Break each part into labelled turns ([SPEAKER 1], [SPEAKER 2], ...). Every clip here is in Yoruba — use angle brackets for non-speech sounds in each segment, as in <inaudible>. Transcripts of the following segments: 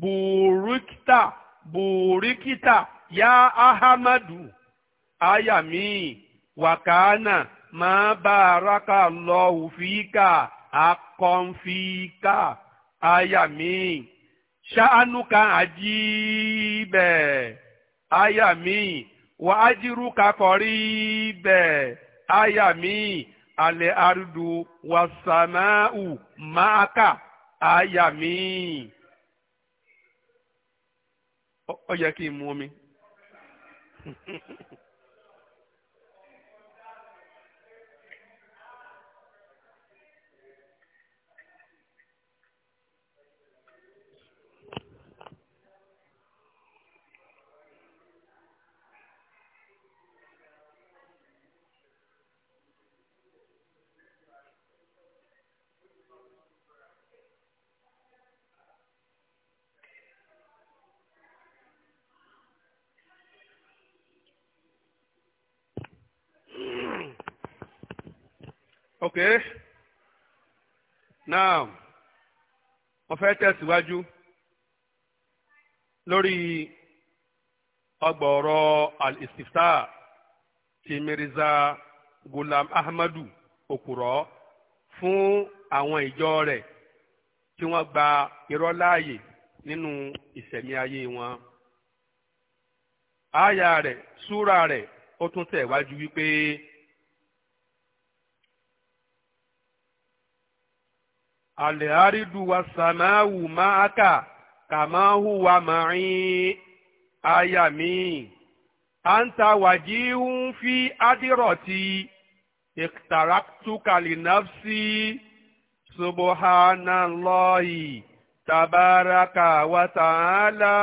[SPEAKER 1] Burukita bùrìkítà ya ahamadu ayami wakana máa bá araka lọ òfìkà ayami ṣáánúka Ajibe ayami Ajiruka kọ̀ríbẹ̀ ayami alẹ́ Ardu wàsánáù Maka ayami. ó yẹ kí n mu omi <laughs> okay now mo fẹ́ tẹ̀síwájú lórí ọ̀rọ̀ al-istifta ti Mirza Gulam Ahmadu Òkùrọ̀ fún àwọn ìjọ rẹ̀ tí wọ́n gba irọ́ láàyè nínú ìṣẹ̀mí ayé wọn. Àyà rẹ̀ súra rẹ̀ ó tún tẹ̀ wájú wípé. àlẹ́hàrídù wa sàmáwù máa kà kàmáhù wa màáyín àyà mi. àǹtà wàjí ń fi ádìrọ̀tì ìtàràtúkà lè nàfsí subhanallahi tabaraka wa ta'ala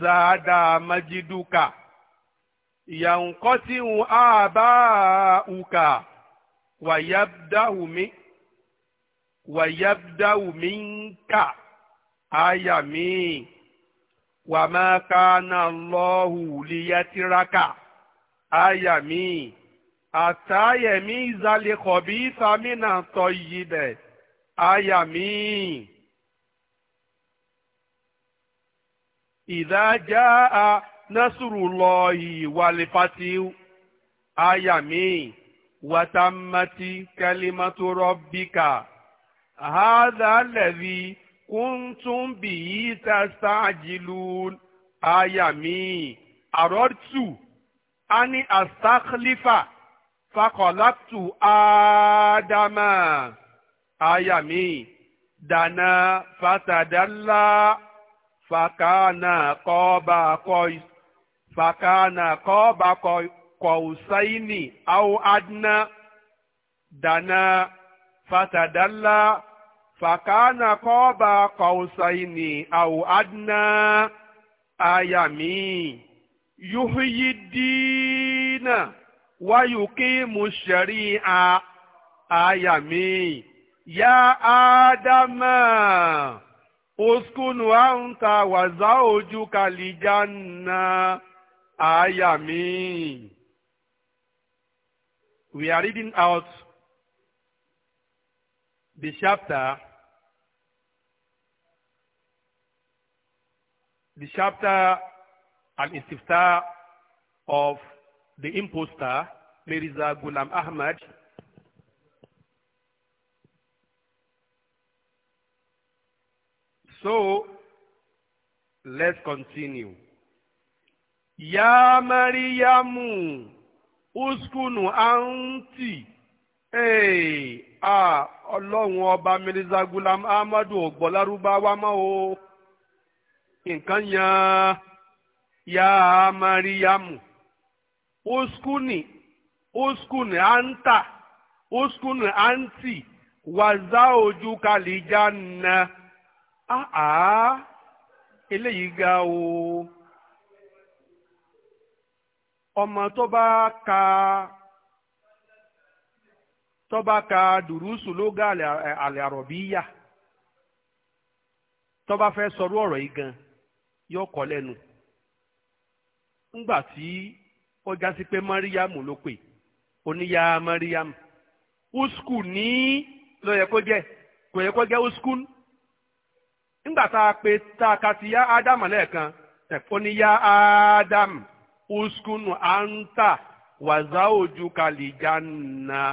[SPEAKER 1] zada majiduka yankọtihun aba uka wayabdahu mi wàyábdáwù mí ń kà áyà mí wà máa ká náà lọ́hù lìyẹ tiraka áyà mí àtàyẹ̀mí ìzàlẹ̀ kọ̀bí ìfàmìnà sọ yìí bẹ̀ áyà mí. ìdá a násùrù lọ ìwàlẹ̀fàtì áyà mí wàtàmátì kẹlímàtò rọ́bìkà. هذا الذي كنتم به تستعجلون آية مي أردت أن أستخلف فخلقت آدم آية مي دنا فتدلى فكان قاب قيس فكان قاب قوسين أو أدنى دنا fatadalla fakana kọba kọusaini awo adna ayami yuhuyi diina wayukimu shari'a ayami ya adama uskunu anta wa zawjuka lijanna ayami. We are reading out the chapter the chapter and istiftah of the impostor Mirza Gulam Ahmad so let's continue ya mariamu uskunu anti hey, ah ọlọ́run ọba mirza gulam ahmadu ògbọ́ lárúbáwá mọ́ o nǹkan yan ya mariamu uskuni uskuni anta uskuni anti wàzá ojú kàlíjà nna, áhà eléyìí ga o ọmọ tó bá ka. tọba ka dùrúsù lóga àlẹ́ àrọ̀bíyà tó bá fẹ́ sọrú ọ̀rọ̀ yìí gan yóò kọ́ lẹ́nu ńgbà tí ó já sí pé mariamu ló pè oníyá mariamu. uskul ní ló yẹ kó jẹ́ kò yẹ kó jẹ́ tá a tá a ti ya ádámù lẹ́ẹ̀kan oníyá anta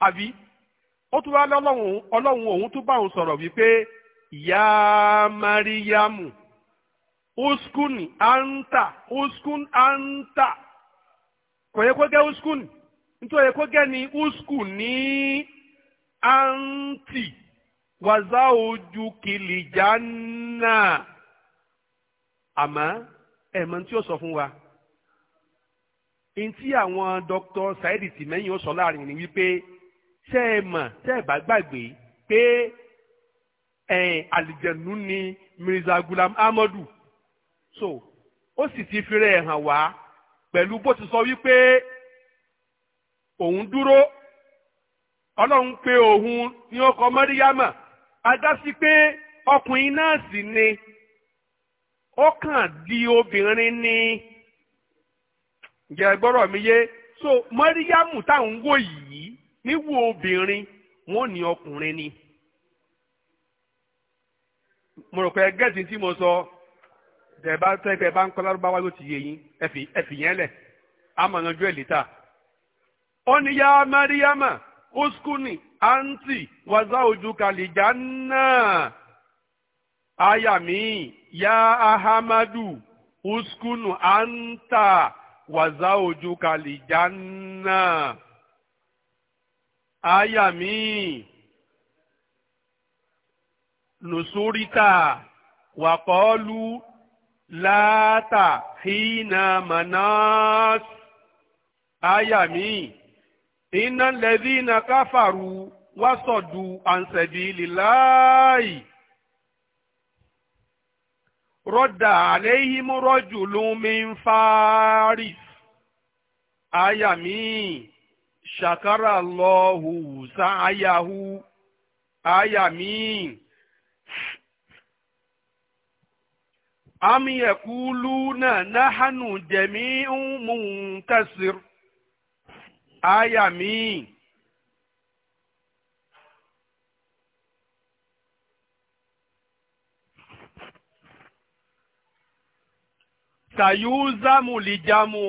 [SPEAKER 1] àbí ó tún wá lọ́lọ́hún ọlọ́hún òun tún bá òun sọ̀rọ̀ wípé ìyá mariamu uskun anta uskun anta kò yẹ kó gẹ́ uskun nítorí yẹ kó gẹ́ ni uskun ní anti wàzà ojú kìlìjà náà àmọ́ ẹ̀mọ́ tí ó sọ fún wa ntí àwọn dr saidi tìmẹ́yìn ó sọ láàrin ni ṣé ẹ mọ̀ ṣé ẹ bá gbàgbé pé ẹ̀ẹ́n àlìjẹ̀nu ni Mirza Gulam Ahmadu so ó sì ti fi rẹ̀ hàn wá pẹ̀lú bó ti sọ wípé òun dúró ọlọ́run pé òun ni ó kọ mọ́ríyámà pé ọkùnrin náà sì ni ó kàn di obìnrin ni ǹjẹ́ gbọ́rọ̀ mi yé so mọ́ríyámù táwọn ń wò yìí níwò obìnrin wọn ò ọkùnrin ni mo rò pé gẹ́ẹ̀tì tí mo sọ tẹ̀ bá tẹ́ pé bá ń kọ́ lárúbáwá yóò ti yé yín ẹ̀fì yẹn lẹ̀ amọ̀nàjú ẹ̀ lítà ó ní yá mariama uskuni anti wàzà ojú kàlìjà náà aya mi yá ahamadu uskunu anta wàzà ojú kàlìjà náà àyà nusurita nùsúrítà wàkọ́ọ́lù láàtà hínà manás àyà míì iná lẹ́bí iná káfàrú wásọ̀dù ànsẹ̀bí lìláì rọ́dà àléhìmú rọ́jù lómi ń fáárì àyà míì ṣàkárà lọ́hù wùsá áyàhù áyà míì àmì ẹ̀kúlú náà náhánù jẹ̀mí ń mú un tẹ̀sìr áyà míì. sayuzamu lijamu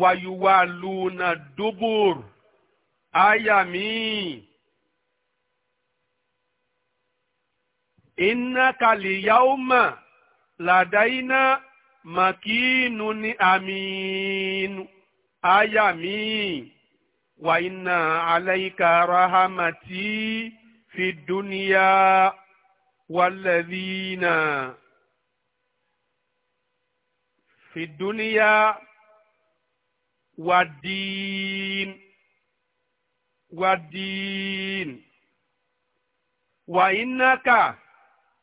[SPEAKER 1] wayuwaluna dubur aya míì iná kàlìyáwómà làdáyíná màkínú ní àmínú aya míì wà iná aláìka rahamati fi dúníyà wàlẹ́dínà fi dúníyà wàdín. والدين وإنك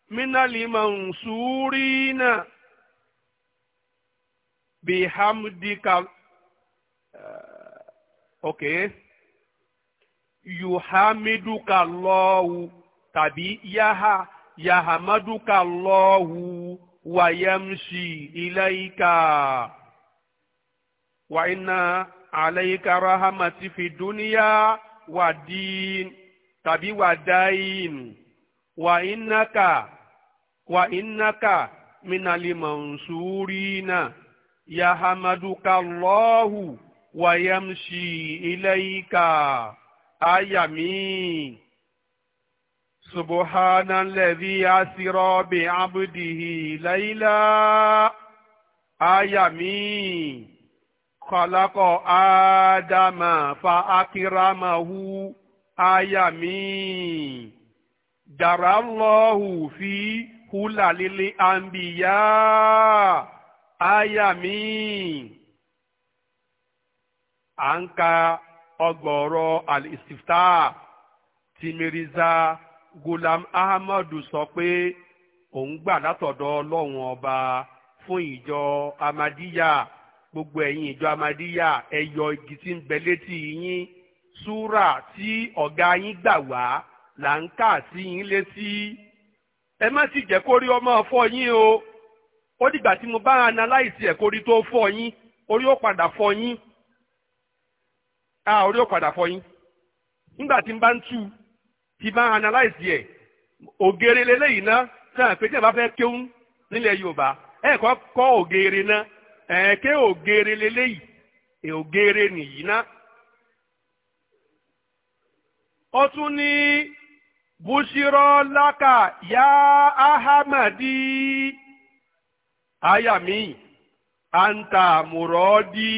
[SPEAKER 1] من المنصورين بحمدك أوكي يحمدك الله تبي يها يحمدك الله ويمشي إليك وإن عليك رحمتي في الدنيا wàdín tàbí wàdáìn wà ìnáka wà ìnáka minalimansurina yahamadukallahu wàyàmsì ilayka ayami. سبحان الذي أسرى بعبده ليلا آية مين alako adama fa pa akiramahụ ayami dara ụlọhụ fi hulalili abiya ayami anka ogoro aisita timiriza gulamahmadu sokpe mgbe ọba fún amadi ya gbogbo ẹ̀yin ìjọ amadíyà ẹ̀yọ igi tí ń bẹ létí yín súrà tí ọ̀gá yín gbà wá là ń kà sí yín létí ẹ má sì jẹ́ kórí ọmọ ọ̀fọ́ yín o ó dìgbà tí mo bá analyze ẹ̀ kórí tó fọ́ yín orí ó padà fọ́ yín a orí ó padà fọ́ yín nígbà tí n bá ń bá ẹ̀ ògèrè lélẹ́yìn náà sáà pé tí ẹ bá ẹ̀ẹ́kẹ́ ògèrè leléyìí ògèrè nìyí ná. ó tún ní bushiro laka ya ahamadi ayami anta murodi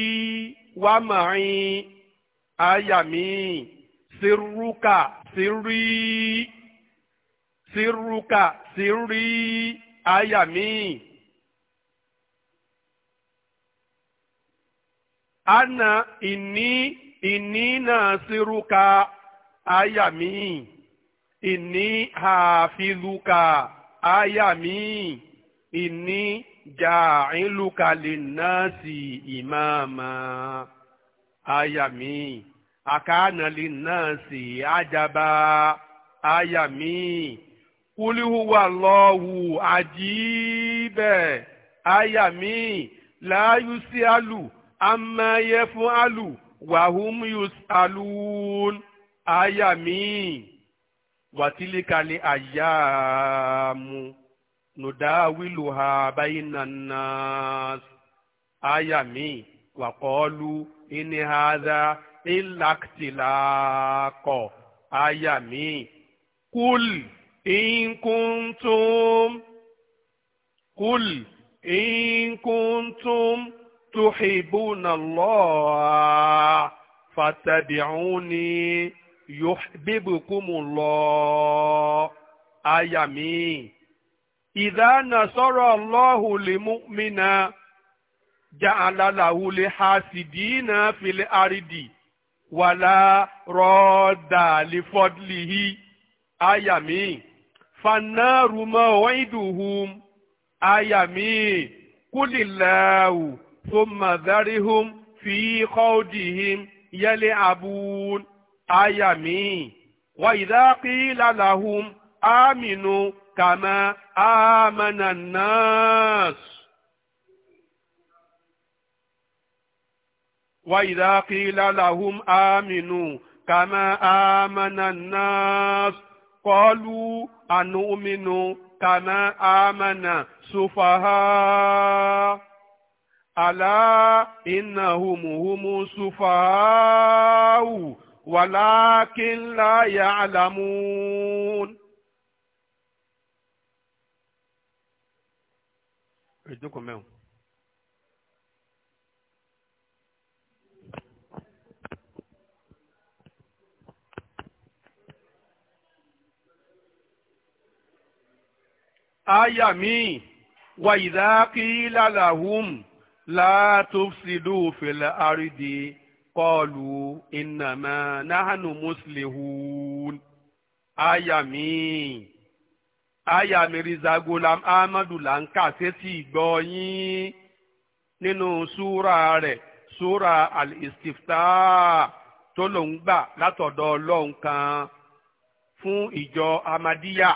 [SPEAKER 1] wamai ayami siruka siri siruka siri ayami. ana ini naasirụka y ini hapilu ka ayami ini gailụkaliasi imam ayami akanaliasi adabayami uluụwa lowụ ajibe ayami layusi alụ amma alu wa hum yus'alun aya mi wa tilka li ayyamu nudawiluha bainan nas aya mi wa qalu in hadha illa ikhtilaq mi qul in kuntum qul تحبون الله فاتبعوني يحببكم الله آية إذا نصر الله لمؤمنا جعل له لحاسدين في الأرض ولا راد لفضله آية مين فالنار موعدهم آية قل الله ثم ذرهم في خوضهم يلعبون أيامي وإذا قيل لهم آمنوا كما آمن الناس وإذا قيل لهم آمنوا كما آمن الناس قالوا أنؤمن كما آمن سفهاء ألا إنهم هم سفهاء ولكن لا يعلمون ìdúnkù mẹ́wọ̀n. Aya mi, wa idha qila la tufsidu fil ardi qalu innama nahnu muslihun aya mi aya Mirza Ghulam Ahmadu là ń kà sétí ìgbọ́ yín nínú súra rẹ̀ súra al-Istiftah tó lòún gbà látọ̀dọ̀ ọlọ́run kan fún ìjọ Ahmadiyya.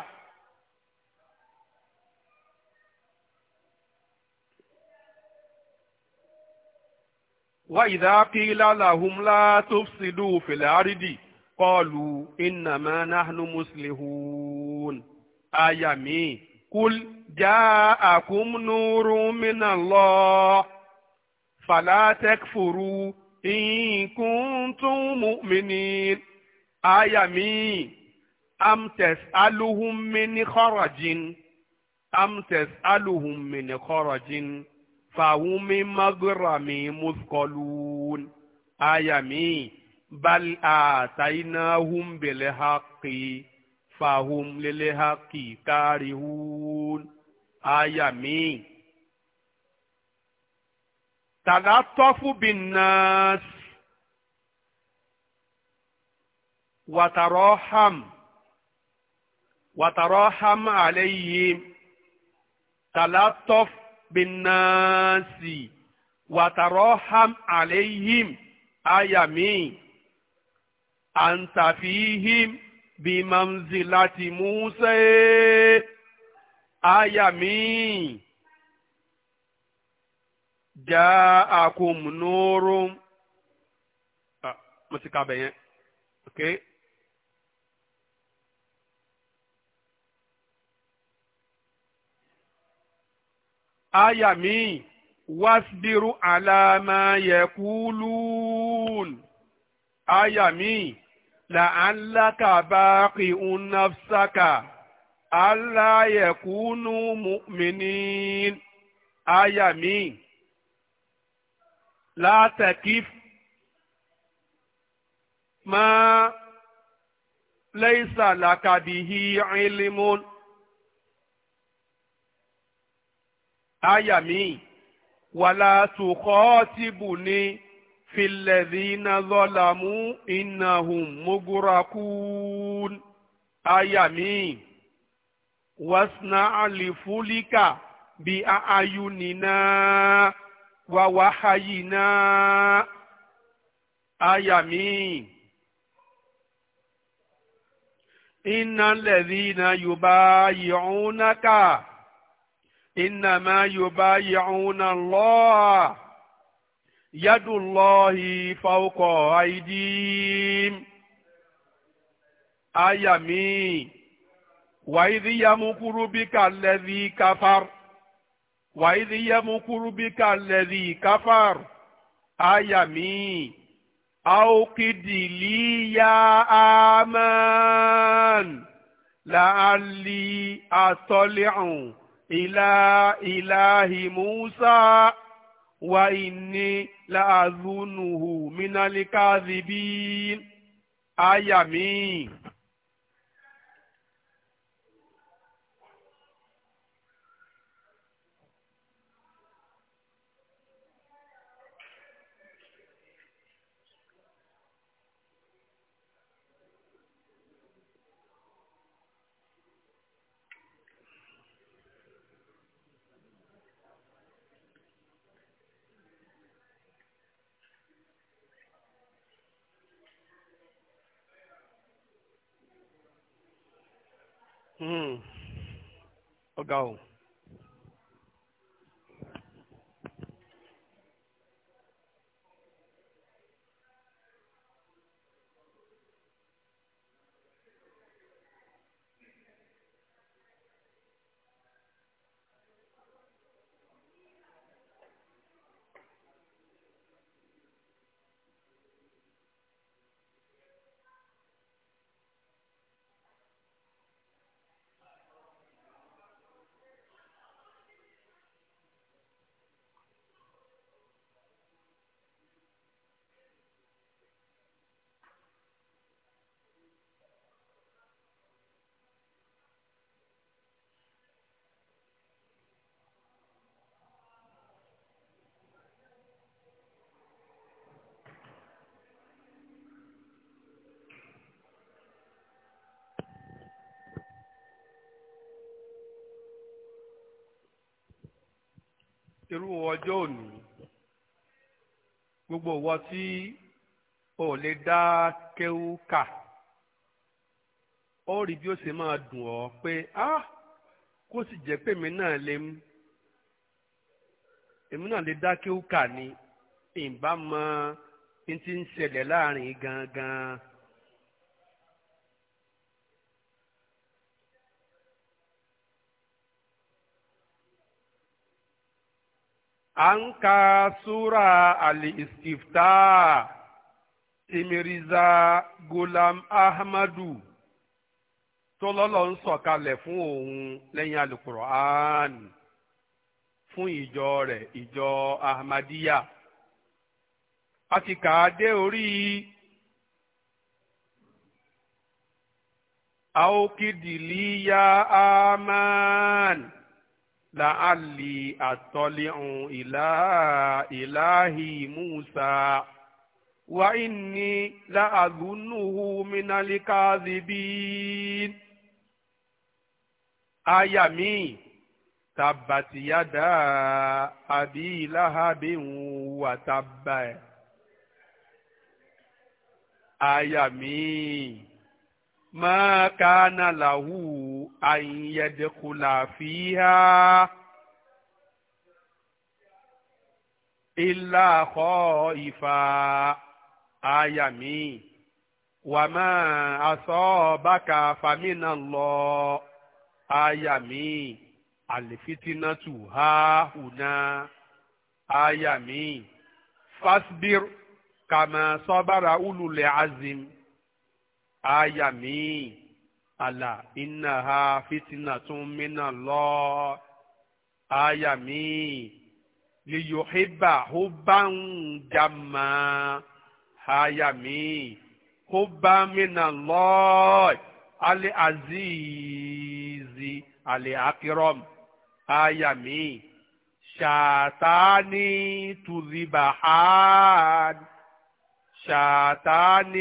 [SPEAKER 1] وإذا قيل لهم لا تفسدوا في الأرض قالوا إنما نحن مسلحون آية مي قل جاءكم نور من الله فلا تكفروا إن كنتم مؤمنين آية مي أم تسألهم من خرج أم تسألهم من خرج fàwọn mímọ́gìràmì mùsùkọ́lùún àyàmí bal àtàyínáhùn bẹ̀lẹ̀ hàkì fàhùn lẹ́lẹ̀ hàkì kárìhùn àyàmí. tàlátọ́fù bí nàásì wàtàrọ́hàm wàtàrọ́hàm àlẹ́yìn tàlátọ́fù bínáàsì wàtàrọ́hàm àléhìm àyàmí àǹtàfíhìm bímamzìláti Músà àyàmí ja'akum nurum. Ah, mo ti ka bẹ̀ yẹn. Okay. áyà míì wásbírú alámáyẹkúlùún áyà míì làálàkà báàkì unnafsaka aláyẹkúnú mu'minin áyà míì látàkìf máa lẹ́yìn sàlàkàbìhì ilmun. àyà míì wàlá tùkọ́ tìbù ní filẹ̀dínà zọ́làmú ìnáhùn mugurakún àyà míì wàsánà àlìfúlíkà bí àyùnínà wàwáhàyínà àyà míì. إن الذين يبايعونك إنما يبايعون الله يد الله فوق أيديهم أيامي، وايديا مكروبيك الذي كفر، مين وإذ يمكر بك الذي كفر وإذ يمكر بك الذي كفر أيامي مين أوقد لي يا آمان لعلي أطلع إلى إله موسى وإني لأظنه من الكاذبين آية مين Hum. Legal. irú ọjọ́ òní gbogbo ìwọ tí o lè dá kéwú kà ó rí bí ó ṣe máa dùn ọ́ pé á ah, kó sì jẹ́ pé èmi náà lè mú èmi náà lè dá kéwú kà ní ìbámu ti ń ṣẹlẹ̀ láàrin gangan. anka ń ka súra al-istifta ti Mirza Ghulam Ahmadu tó lọ́lọ́ ń fún òun lẹ́yìn alukur'an fún ìjọ rẹ̀ ìjọ Ahmadiyya a ti kà á dé orí aokidiliya aman. لعلي أطلع إلى إله موسى وإني لأظنه من الكاذبين آية مي تبت يدا أبي لهب وتب آية ما كان له أن يدخل فيها إلا خائفا آيامي وما أصابك فمن الله آيامي الفتنة ها هنا آيامي فاصبر كما صبر أولو العزم àyà míì àlà iná ha fitinà tún mínà lọ àyà míì liyohiba huban jama àyà míì huba mínà lọ alẹ́ azizi alẹ́ akirom àyà míì ṣàtàní tùzìbàhán ṣàtàní.